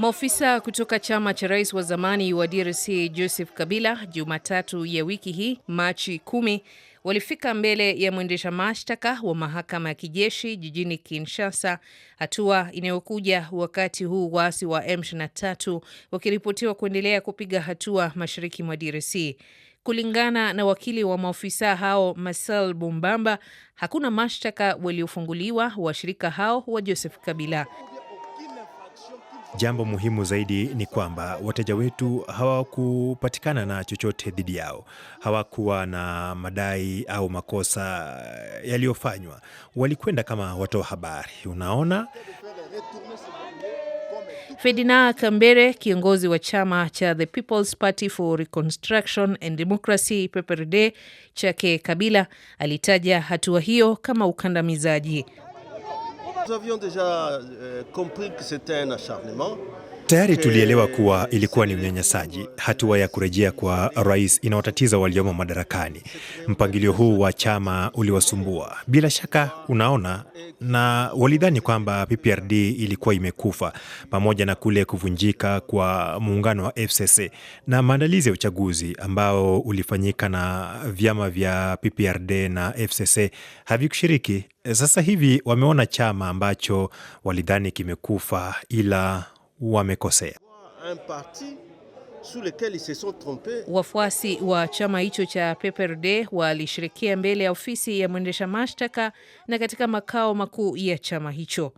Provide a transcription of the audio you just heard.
Maofisa kutoka chama cha rais wa zamani wa DRC Joseph Kabila Jumatatu ya wiki hii Machi kumi walifika mbele ya mwendesha mashtaka wa mahakama ya kijeshi jijini Kinshasa, hatua inayokuja wakati huu waasi wa M23 wakiripotiwa kuendelea kupiga hatua mashariki mwa DRC. Kulingana na wakili wa maofisa hao Marcel Bumbamba, hakuna mashtaka waliofunguliwa washirika hao wa Joseph Kabila. Jambo muhimu zaidi ni kwamba wateja wetu hawakupatikana na chochote dhidi yao, hawakuwa na madai au makosa yaliyofanywa, walikwenda kama watoa habari. Unaona. Ferdinand Kambere, kiongozi wa chama cha The People's Party for Reconstruction and Democracy PPRD chake Kabila, alitaja hatua hiyo kama ukandamizaji Nous avions déjà euh, compris que c'était un acharnement. Tayari tulielewa kuwa ilikuwa ni unyanyasaji. Hatua ya kurejea kwa rais inawatatiza waliomo madarakani. Mpangilio huu wa chama uliwasumbua bila shaka, unaona, na walidhani kwamba PPRD ilikuwa imekufa, pamoja na kule kuvunjika kwa muungano wa FCC na maandalizi ya uchaguzi ambao ulifanyika na vyama vya PPRD na FCC havikushiriki. Sasa hivi wameona chama ambacho walidhani kimekufa ila wamekosea. Wafuasi wa chama hicho cha PPRD walishirikia mbele ya ofisi ya mwendesha mashtaka na katika makao makuu ya chama hicho.